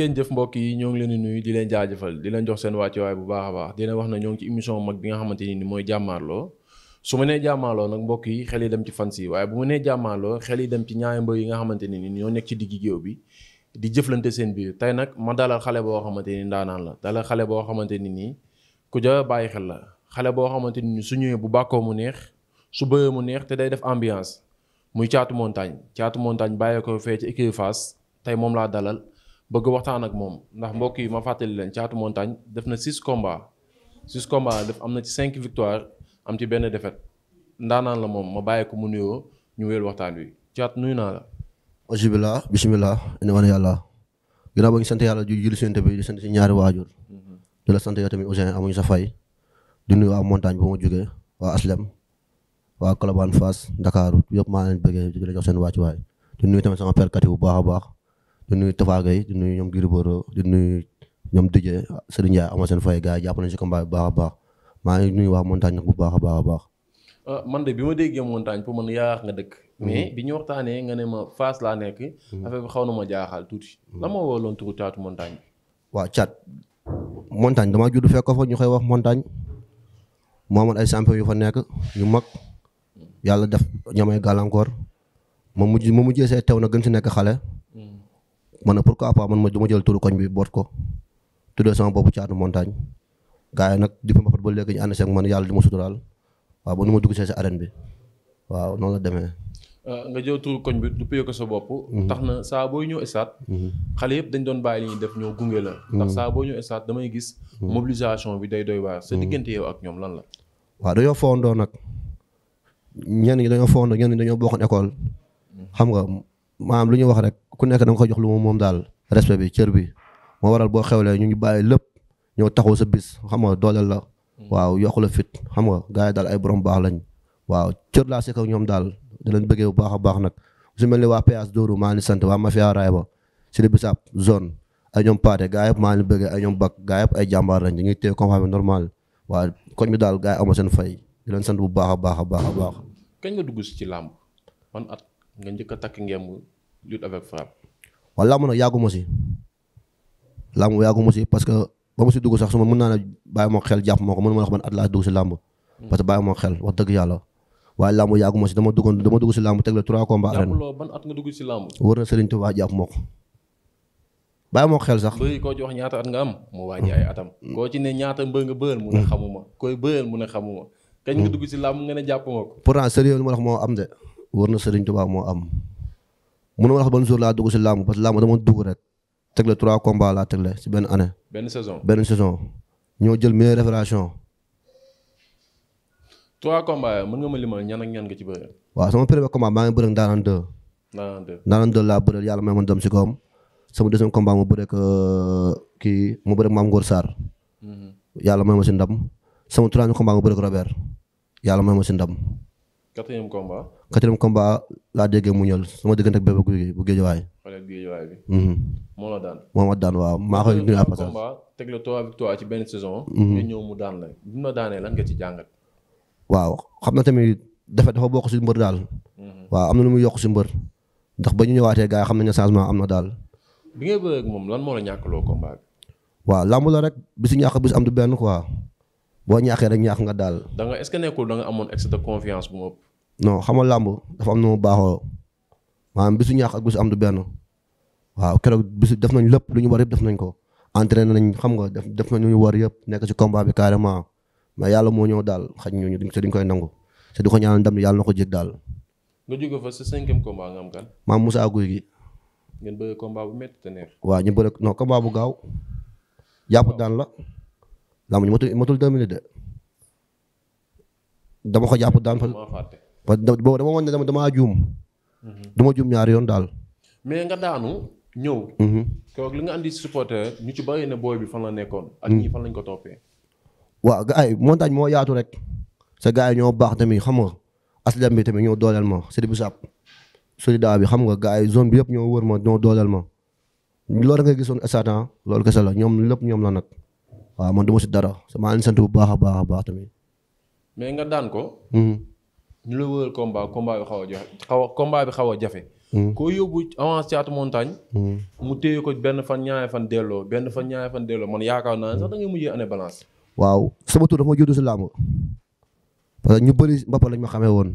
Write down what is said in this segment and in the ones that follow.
ngeen jëf mbokk yi ñoo ngi leen di nuyu di leen jaajëfal di leen jox seen wàccuwaay bu baax a baax di leen wax na ñoo ngi ci émission mag bi nga xamante ni mooy jàmmaarloo su ma nee jàmmaarloo nag mbokk yi xel yi dem ci fans yi waaye bu ma nee jàmmaarloo xel yi dem ci ñaari mbër yi nga xamante ne ni ñoo nekk ci digg géew bi di jëflante seen biir tey nag ma dalal xale boo xamante ni ndaanaan la dalal xale boo xamante ni nii ku ja bàyyi xel la xale boo xamante ni su ñëwee bu bàkkoo mu neex su bëree mu neex te day def ambiance muy caatu montagne caatu montagne bàyyi ko fee ci écurie Fass tey moom laa dalal bëgg waxtaan ak moom ndax mbokk yi ma fàttali leen caatu montagne def na six combats six combats def am na ci cinq victoire am ci benn défaite ndaanaan la moom ma bàyyi ko mu nuyoo ñu wéyal waxtaan wi caat nuyu naa la. bisimilah bisimilah ina wane yàlla ginnaaw ba ngi sant yàlla ju julli sant bi di sant si ñaari waajur mhm. di la sant yow tamit Ousseyn amuñu sa fay di nuyu waa montagne bu ma jógee waa Aslem waa Colobane Fass Dakar yëpp maa leen bëggee di la jox seen wàccuwaay di nuyu tamit sama perkat yi bu baax a baax. di nuyu Tafa di nuyu ñoom Gris Bordeaux di nuyu ñoom Dije Serigne Ndiaye amoon seen fay gars yi jàpp nañu si combat bu baax a baax maa ngi nuyu waa montagne nag bu baax a baax a baax. Euh, man de bi ma déggee montagne pour man yaa nga dëkk. Mm-hmm. mais bi ñu waxtaanee nga ne ma fas laa nekk. Mm-hmm. affaire bi xaw na ma jaaxal tuuti. Mm-hmm. la moo waraloon turu caatu montagne bi. waaw caat montagne damaa judd fekk ko fa ñu koy wax montagne moo amoon ay champion yu fa nekk yu mag yàlla def ñamay gàllankoor moom mujj ma mujjee see teew na gën si nekk xale. man ne pourquoi pas man ma ma jël turu koñ bi boot ko tuddee sama bopp caatu montagne gars yi nag di fa mbapat ba lekk ñu ànd si ak man yàlla di ma suturaal waaw ba nu ma dugg see si arène bi waaw noonu la demee. Euh, nga jël turu koñ bi du payé ko sa bopp. Mhm. tax na saaboo booy ñëw estaat. Mhm. xale yëpp dañ doon bàyyi li ñuy def ñoo gunge la. Mhm. ndax saa booy ñëw estaat damay gis. mobilisation bi day doy waar. sa diggante yow ak ñoom lan la. waaw dañoo foondoo nag ñenn ñi dañoo foondoo ñenn ñi dañoo bokkoon école xam nga maanaam lu ñu wax rek. ku nekk da nga ko jox lu mu moom daal respect bi cër bi moo waral boo xewlee ñu ngi bàyyi lépp ñëw taxaw sa bis xam nga dooleel la waaw yokk la fit xam nga gars yi daal ay borom baax lañ waaw cër laa sekk ñoom daal di leen bëggee bu baax a baax nag su mel ni waa péage Dóoru maa sant waa mafia raay ba si li bisaab zone ay ñoom paate gars yëpp maa ngi bëggee ay ñoom bak gars yëpp ay jàmbaar lañ ñu ngi téye comme normal waaw koñ bi daal gars yi amoo seen fay di leen sant bu baax a baax a baax a baax kañ nga dugg ci làmb ban at nga njëkk a takk ngemb lutte avec frappe. nag yàggu ma si. làmb yàggu ma si parce que ba ma si dugg sax su ma mën naa ne bàyyi ma xel jàpp moo ko mën ma wax man at laa dugg si làmb. parce que bàyyi ma xel wax dëgg yàlla. waaye làmb yàggu ma si dama duggoon dama dugg si làmb teg la trois combats. arène jàppuloo ban at nga dugg si làmb. wër na Serigne ma ko. bàyyi ma xel sax koo ci ñaata at nga am mu atam koo ci ne ñaata mbër nga bëreel mu ne xamuma mu ne xamuma dugg si làmb nga ne jàpp ma ko pourtant sérieux lu ma wax moo am de wër na Serigne Touba moo am mënu ma wax ban dugg si làmb parce que làmb dama dugg rek teg la trois combats si benn année. benn saison benn saison. ñoo jël meilleure révélation. trois combats mën nga ma limal ñan ak ñan nga ci bëri. waaw sama premier combat maa ngi bëri ak Ndaanaan 2. Ndaanaan 2 Ndaanaan yàlla may ma dem si kawam. sama deuxième combat mu bëri ak euh, kii mu bëri ak Maam Ngor Sarr. Mhm. yàlla may ma si ndam. sama troisième combat mu bëri ak Robert. yàlla may ma si ndam. quatrième combat. quatrième combat laa déggee mu ñor sama diggante ak bébé bu géejawaay. xale bu géejawaay bi. Mhm. daan. ma daan waaw maa koy nuyu à passage. combat teg la trois victoire ci benn mhm. daan la bi mu la daanee nga ci jàngat. waaw xam na tamit dafa dafa bokk si mbër daal. Mhm. waaw am na lu mu yokk si mbër. ndax ba ñu ñëwaatee gaa yi xam nañu changement am na daal. bi ngay bëgg ak moom lan moo la ñàkkloo combat bi. waaw làmb la rek bi si ñàkk bi si am du benn quoi. boo ñaaxee rek ñaax nga daal. da nga est-ce que nekkul da nga amoon excès de confiance bu ëpp. non xam nga làmb dafa am na mu baaxoo maanaam bisu ñaax ak bisu am du benn waaw keroog bisu def nañ lépp lu ñu war yëpp def nañ ko entraîné nañ xam nga def def nañ lu ñu war yëpp nekk ci combat bi carrément mais yàlla moo ñëw daal xaj ñu ñu te duñ koy nangu te di ko ñaanal ndam yàlla ko jég daal. nga jóge fa sa cinquième combat nga am kan. maam Moussa Gueye gi. ngeen bëgg combat bu métti te neex. waaw ñu bëgg non combat bu gaaw jàpp daan la. lamb ji motul motul deux minutes de dama ko jàpp daan. parce que boobu dama woon ne dama damaa juum. Mhm. du juum ñaari yoon daal. mais nga daanu ñëw. Mhm. kooku li nga andi supporter ñu ci bari ne booy bi fan la nekkoon. ak ñi mhm. fan lañ ko toppee. waa gars yi montagne moo yaatu rek. sa gars yi ñoo baax tamit xam nga aslem bi tamit ñoo dooleel ma c'est bu sap solida bi xam nga gaa yi zone bi yëpp ñoo wër ma ñoo dooleel ma. loolu nga gisoon instant loolu kese la ñoom lépp ñoom la nag. waaw man du si dara maa ngi sant bu baax a baax a baax tamit. mais nga daan ko. Hmm. ñu la wër combat combat xaw a jafe xaw a combat bi xaw a jafe. Hmm. koo yóbbu avance caatu montagne. Hmm. mu téye ko benn fan ñaari fan delloo benn fan ñaari fan delloo man yaakaar naa ne sax da ngay mujjee année balance. waaw sama tur dafa ma juddu si làmb parce que ñu bëri mbappa lañ ma xamee woon.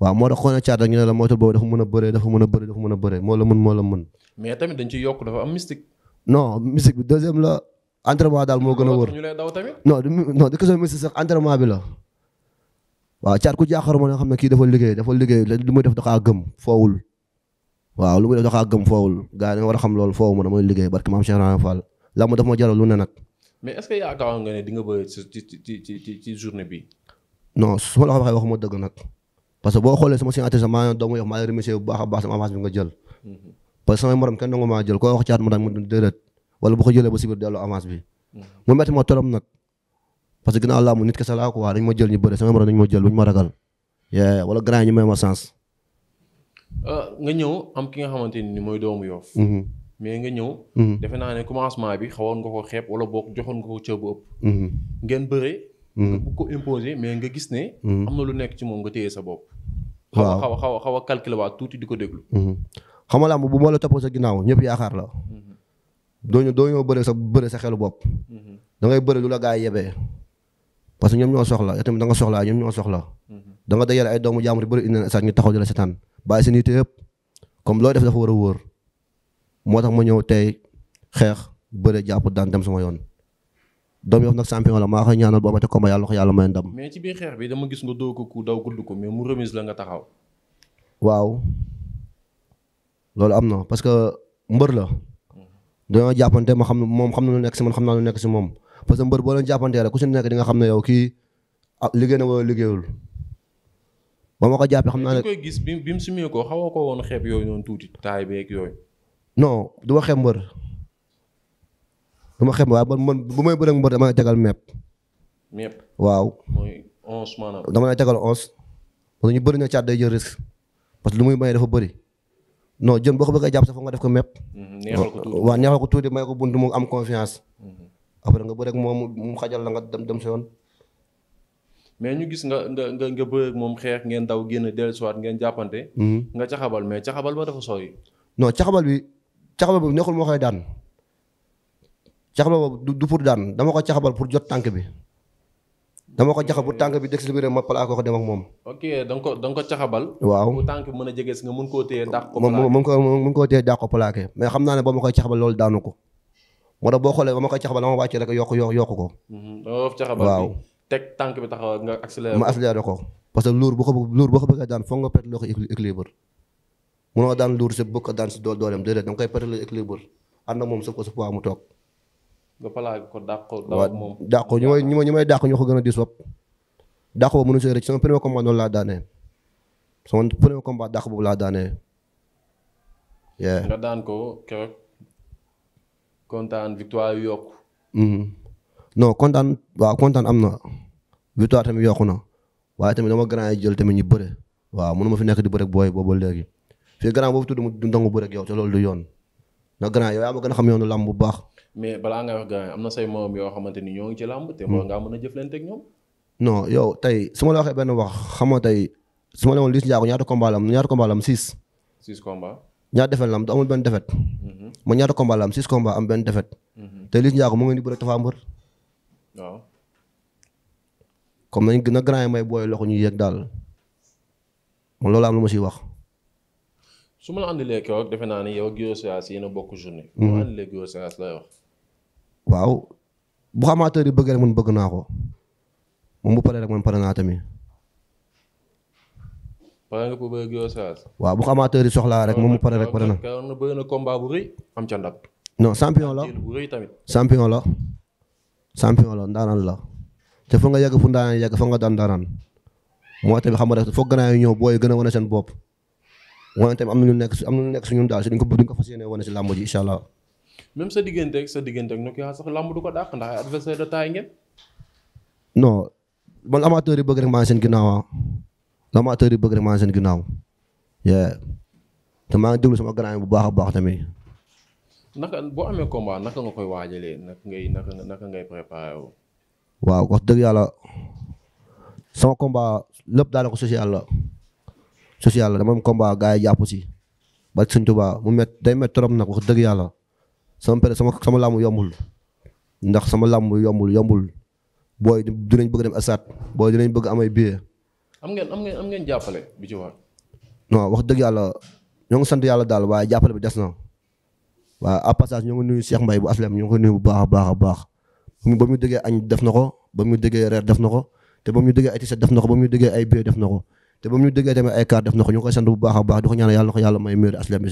waaw moo tax xoolee caat rek ñu ne la moytul boobu dafa mën a bëree dafa mën a bëree dafa a bëree moo la mën moo la mën. mais tamit entraînement daal moo gën a wóor. non non di question mystique sax entraînement bi la. waaw caat ku jaaxaar ma ne xam ne kii dafa liggéey dafa liggéey lu muy def dafa gëm foowul. waaw lu muy gëm foowul gars yi war a xam loolu foowu ma damay liggéey barki maam Cheikh Rahane Fall la ma daf ma jaral lu ne nag. mais est-ce que nga ne di nga bëri ci ci ci ci journée bi. non su dëgg nag boo xoolee sama signature sax maa ngi doomu yox maa ngi baax a baax sama avance bi nga jël. Mm-hmm. parce que samay morom kenn dong maa jël koo wax caat mu daan mu déedéet wala boo ko jëlee ba si biir delloo avance bi. Mm-hmm. mu metti ma torom nag parce que ginnaaw laa mu nit kese laa ko waa dañ ma jël ñu bëri sama morom dañ ma jël duñ ma ragal wala grand yi ñu may ma sens. Euh, nga ñëw am ki nga xamante ni mooy doomu Yoff. Mm-hmm. mais nga ñëw. Mm-hmm. defe naa ne commencement bi xawoon nga ko xeeb wala boog joxoon nga ko cër bu ëpp. ngeen bëre. nga ko imposer mais nga gis ne. am na lu nekk ci moom nga téye sa bopp. waaw xaw a xaw a xaw a calculer waat tuuti di ko déglu. xam nga làmb bu ma la sa ginnaaw ñëpp yaakaar la. doo doo ñoo bëre sa bëre sa xelu bopp. Mm-hmm. da ngay bëre lu la gaa yebe parce que ñoom ñoo soxla tamit danga nga soxlaa ñoom ñoo soxla. Mm-hmm. da nga dajale ay doomu jaamur yu bëri indi na sax ñu taxaw di la setaan bàyyi seen yitte yëpp comme looy def dafa war a wóor moo tax ma ñëw tey xeex bëre jàpp daan dem sama yoon. doom Yoff nag champion la maa koy ñaanal boo te combat yàlla ko yàlla may ndam. mais ci biir xeex bi dama gis nga doo ko ku daw gudd ko mais mu remise la nga taxaw. waaw loolu am na parce que mbër la. dañoo jàppante ma xam ne moom xam na lu nekk si man xam naa lu nekk si moom parce que mbër boo leen jàppantee rek ku si nekk di nga xam ne yow kii ah liggéey na wala liggéeyul ba ma ko jàppee xam naa ne. koy gis bi bi mu sumee ko xawoo ko woon xeeb yooyu noonu tuuti taay beeg yooyu. non du ma xeeb mbër du ma xeeb man bu may bëreeg mbër dama tegal mepp. mepp waaw. mooy onze tegal onze. parce que ñu bëri na caat day jël risque parce que lu muy may dafa bëri. non jën boo ko bëggee jàpp sax foog nga def ko mépp. Mhm, neexal ko tuuti ko tuuti may ko bunt mu am confiance. Mhm. après nga bëre ak moom mu xajal la nga dem dem sa yoon. mais ñu gis nga nga nga nga bëre moom xeex ngeen daw génn dellusiwaat ngeen jàppante. Mhm. nga caxabal mais caxabal ba dafa sooy. non caxabal bi caxabal bi neexul moo koy daan caxabal boobu du pour daan dama ko caxabal pour jot tànk bi. dama ko jaxab bu tànk bi dëgg si biir ma palaa ko dem ak moom. ok ko caxabal. waaw bu a jege si nga mën koo téye dàq ko plaqué koo mën koo ko plaqué mais xam naa ne ba ma koy caxabal loolu daanu ko moo tax boo xoolee ba ma koy caxabal dama wàcce rek yokk yokk yokk ko. Mhm, caxabal waaw teg tànk parce que luur bu ko luur boo ko bëggee daan foog nga équilibre mënoo daan luur si bëgg ko daan si dool dooleem déedéet da nga koy perte loo équilibre ànd moom sëf ko sa poids mu toog nga palaag ko dàqoo daw moom dàqoo ñu may ñu ñu ko gën a diis wopp dàqoo mënu see rëcc sama premier combat noonu laa daanee sama premier combat dàq boobu laa daanee. nga daan ko keroog kontaan victoire yokku. Mm-hmm. non kontaan waaw kontaan am na victoire tamit yokku na waaye tamit dama grand yi jël tamit ñu bëre waaw mënu ma fi nekk di bëre booy boobu léegi fii grand boobu tudd mu du ndongo bëre ak yow te loolu du yoon na grand yow yaa ma gën a xam yoonu bu baax. mais balaa ngay wax gars am na say moom yoo xamante ni ñoo ngi ci làmb te moo hmm. ngaa mën a jëflante ak ñoom. non yow tey su ma la waxee benn wax xam nga tey su ma la woon Liss Ndiago ñaata combat la am ñaata combat la am defet la am amul hmm. am benn defet. Hmm. te Liss Ndiago mu ni bëre Tapha Mbeur. waaw. gën a grand may booy loxo ñuy yegg daal man loolu am lu wax. su ma la andilee defe naa ni yow ak Guiro Séras bokk journée. ma andilee Guiro Séras lay wax. waaw bu amateur yi bëgg rek man bëgg naa ko moom bu paree rek man pare naa tamit. pare nga waaw bu amateur yi soxlaa rek moom mu pare na. kawoon na bëri na combat bu rëy am champion la tamit. champion la champion la ndaanaan la te fa nga yàgg fu ndaanaan yàgg fa nga daan ndaanaan moo tamit xam nga rek foog gannaaw yi ñëw booy gën a wane seen bopp wane tamit am na ñu nekk am ñu daal si duñ ko duñ ko fas yéene wane si làmb ji incha allah. même sa diggante ak sa diggante ak Nokia sax làmb du ko dàq ndax ay adversaire de taille ngeen. non man amateur yi bëgg rek maa seen ginnaaw ah. amateur yi bëgg rek maa seen ginnaaw. te maa ngi déglu sama grand bu baax a baax tamit. naka boo amee combat naka nga koy waajalee naka ngay naka naka ngay waaw wax dëgg yàlla sama combat lépp daal ko social la social la dama am combat gars yi jàpp si ba sëñ Tuubaa mu met day met trop nag wax dëgg yàlla. sama pere sama sama làmb yombul ndax sama làmb yombul yombul booy dinañ bëgg dem asaat booy dinañ bëgg amay billet. am ngeen am ngeen am ngeen jàppale bi ci war. wax dëgg yàlla ñoo ngi sant yàlla daal waaye jàppale bi des na waaye à passage ñoo ngi nuyu Cheikh Mbaye bu aslem ñoo ngi ko nuyu bu baax a baax a baax ba mu déggee añ def na ko ba mu déggee reer def na ko te ba mu déggee ay tiset def na ko ba mu déggee ay billet def na ko te ba mu déggee tamit ay kaar def na ko ñu bu baax a baax di ko ñaan yàlla na ko yàlla may miir aslem bi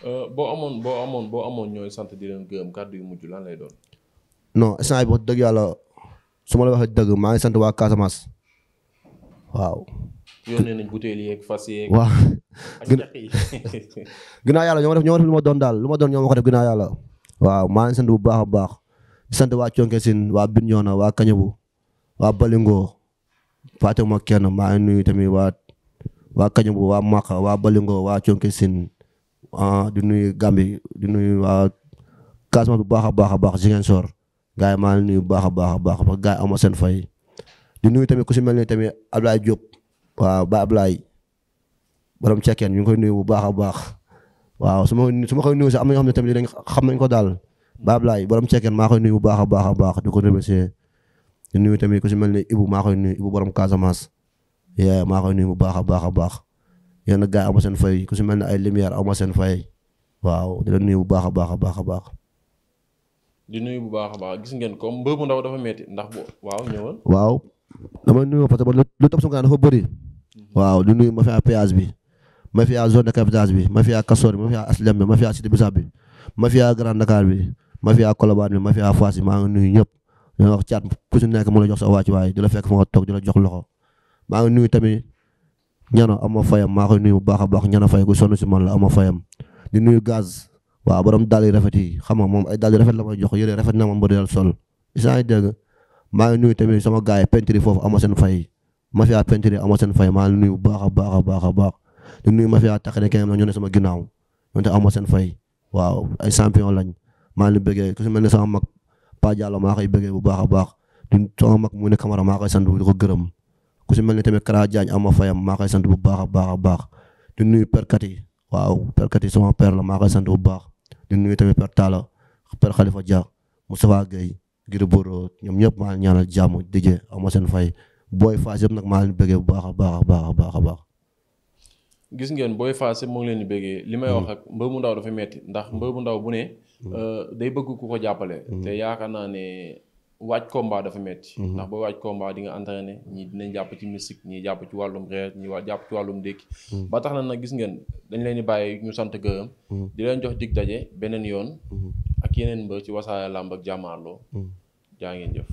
Euh, boo amoon boo amoon boo amoon ñooy sant di leen gërëm kàddu yu mujj lan lay doon. non instant bi wax dëgg yàlla su ma la waxee dëgg maa ngi sant waa Casamance waaw. yónnee nañ butéel yeeg fas yeeg. waaw ginnaaw yàlla ñoo ma def ñoo ma doon daal lu ma doon ñoo ma ko def ginnaaw yàlla. waaw maa ngi sant bu baax a baax sant waa Thionkesin waa Bignona waa Kañabu waa Balingo fàttewuma kenn maa ngi nuyu tamit waa waa waa Maka waa Balingo waa Thionkesin Ah, di nuyu Gambie di nuyu waa Casamance bu baax a baax a baax Ziguinchor gars yi maa ngi nuyu bu baax a baax a baax parce gaay gars amoo seen fay di nuyu tami ku si mel ni tamit Ablaye Diop waa ba Ablaye borom cekkeen ñu ngi koy nuyu bu baax a baax waaw su ma su ma koy nuyu sax am na ñoo xam ne tamit xam nañ ko daal ba Ablaye borom cekkeen maa koy bu baax a baax a baax di ko remercier di nuyu tamit ku si mel ni Ibou maa koy nuyu Ibou borom Casamance maa koy nuyu bu baax a baax a baax. yenn gaa ama seen fay ku si mel ne seen fay waaw di nuyu bu baax a baax a baax a baax. di nuyu bu baax a baax gis ngeen comme mbër mu ndaw dafa metti bu waaw ñëwal. waaw dama nuyu parce que lu topp sama dafa mhm. waaw di nuyu mafia péage bi mafia zone de captage bi mafia Castor bi mafia Aslem bi ma Cité Bissap bi mafia Grand Dakar bi mafia Colobane bi mafia Fass bi maa ngi nuyu ñëpp. di wax caat ku si nekk mu la jox sa waa ci waay di la fekk fa nga toog di la jox loxo ñana ama fayam maa koy nuyu bu baax a baax ñana fay ko sonn si man la ama fayam di nuyu gaz waaw borom daal yu rafet yi xam nga moom ay daal yu rafet la may jox yére rafet na moom mbër yàlla sol isaan dégg maa ngi nuyu tamit sama gars yi peinture foofu ama seen fay mafia peinture ama seen fay maa ngi nuyu bu baax a baax a baax a baax di nuyu mafia technicien la ñu ne sama ginnaaw ñoom te ama seen fay waaw ay champion lañ maa ngi leen bëggee ku si mel ne sama mag Pa Diallo maa koy bëggee bu baax a baax di sama mag mu ne Camara maa koy sant di ko gërëm ku si mel ni tamit Kara Diagne am ma fayam maa koy sant bu baax a baax a baax di nuyu perkat yi waaw perkat yi sama père la maa koy sant bu baax di nuyu tamit per Talla per Khalifa Dia Moustapha Gueye Gris Bordeaux ñoom ñëpp maa ngi ñaanal jàmm dijee ama seen booy Fass yëpp nag maa leen bu baax a baax a baax baax a baax gis ngeen booy Fass yëpp moo ngi leen bëggee li may wax ak mbër mu ndaw dafa metti ndax mbër mu ndaw bu ne mm. euh, day bëgg ku ko jàppale mm. te yaakaar naa ne waaj combat dafa metti mhm. ndax booy waaj combat dinga nga entraîné ñii dinañ jàpp ci mystique ñii jàpp ci wàllum reer ñii waa jàpp ci wàllum ndékki mhm. ba tax na nag gis ngeen dañu leen di bàyyi ñu sant gërëm mhm. di leen jox dig daje beneen yoon ak yeneen mbër ci Wassare Lamb ak Jamarloo jaa ngeen jëf